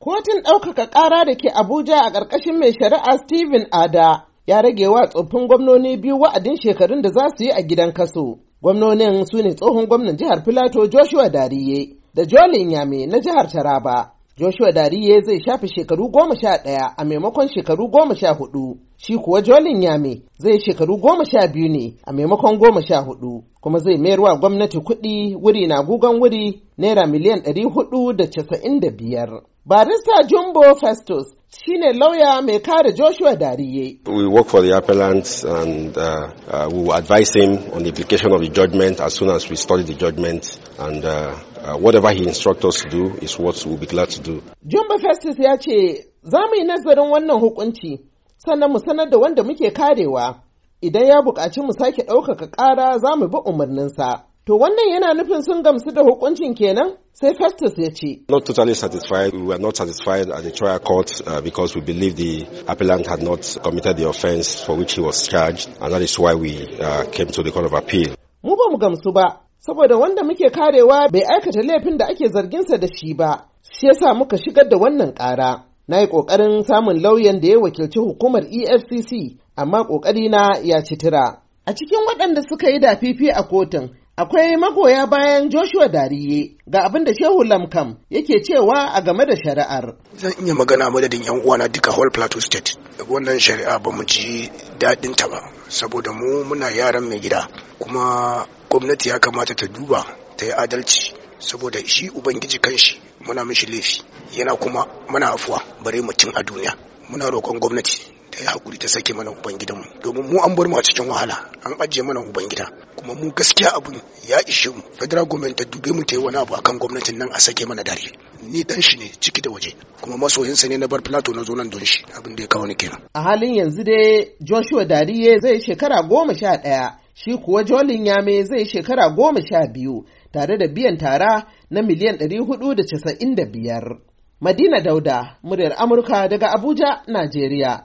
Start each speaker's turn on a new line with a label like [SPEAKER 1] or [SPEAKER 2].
[SPEAKER 1] Kotun ɗaukaka ƙara da ke Abuja a ƙarƙashin mai shari'a Stephen Ada ya rage wa tsoffin gwamnoni biyu wa'adin shekarun da za su yi a gidan kaso. Gwamnonin su ne tsohon gwamnan jihar Filato Joshua Dariye da Jolin Yame na jihar Taraba. Joshua Dariye zai shafe shekaru goma sha ɗaya a maimakon shekaru goma sha hudu. Shi kuwa Jolin Yame zai shekaru goma sha biyu ne a maimakon goma sha hudu. Kuma zai mayar wa gwamnati kuɗi wuri na gugan wuri naira miliyan ɗari hudu da casa'in da biyar. Barista Jumbo Festus shine lauya mai kare Joshua Dariye.
[SPEAKER 2] We work for the appellant and uh, uh, we will advise him on the application of the judgment as soon as we study the judgment and uh, uh, whatever he instructs us to do is what will be glad to do.
[SPEAKER 1] Jumbo Festus ya ce za mu yi nazarin wannan hukunci sannan mu sanar da wanda muke karewa idan ya buƙaci mu sake ɗaukaka ƙara za mu bi umarninsa. To wannan yana nufin sun gamsu da hukuncin kenan? Sai Festus ya ce.
[SPEAKER 2] Not totally satisfied. We were not satisfied at the trial court uh, because we believe the appellant had not committed the offense for which he was charged and that is why we uh, came to the court of appeal.
[SPEAKER 1] Mu ba mu gamsu ba, saboda wanda muke karewa bai aikata laifin da ake zarginsa da shi ba, shi yasa muka shigar da wannan ƙara. Na yi ƙoƙarin samun lauyan da ya wakilci hukumar EFCC, amma ƙoƙarina ya citira. A cikin waɗanda suka yi dafifi a kotun, Akwai magoya bayan Joshua Dariye ga abin da Shehu Lamkam yake cewa a game da
[SPEAKER 3] shari'ar. Zan iya magana madadin 'yan uwana duka Whole Plateau State. Wannan shari'a ba mu ji daɗin ta ba, saboda mu muna yaran mai gida. Kuma gwamnati ya kamata ta duba ta yi adalci saboda shi ubangiji kanshi muna mishi laifi yana kuma muna afuwa bare mutum a duniya muna roƙon gwamnati ta yi hakuri ta sake mana ubangidanmu domin mu an bar mu a cikin wahala an ajiye mana ubangida kuma mu gaskiya abun ya ishe mu federal government ta dube mu ta yi wani abu akan gwamnatin nan a sake mana dare ni dan shi ne ciki da waje kuma masoyinsa ne na bar plato na zo nan don shi abin da ya kawo ni kenan
[SPEAKER 1] a halin yanzu dai Joshua Dariye zai shekara goma sha ɗaya shi kuwa Jolin Yame zai shekara goma sha biyu tare da biyan tara na miliyan ɗari hudu da casa'in da biyar. Madina Dauda, muryar Amurka daga Abuja, Najeriya.